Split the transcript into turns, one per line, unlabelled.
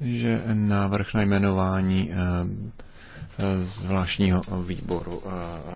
že návrh na jmenování eh, eh, zvláštního výboru eh,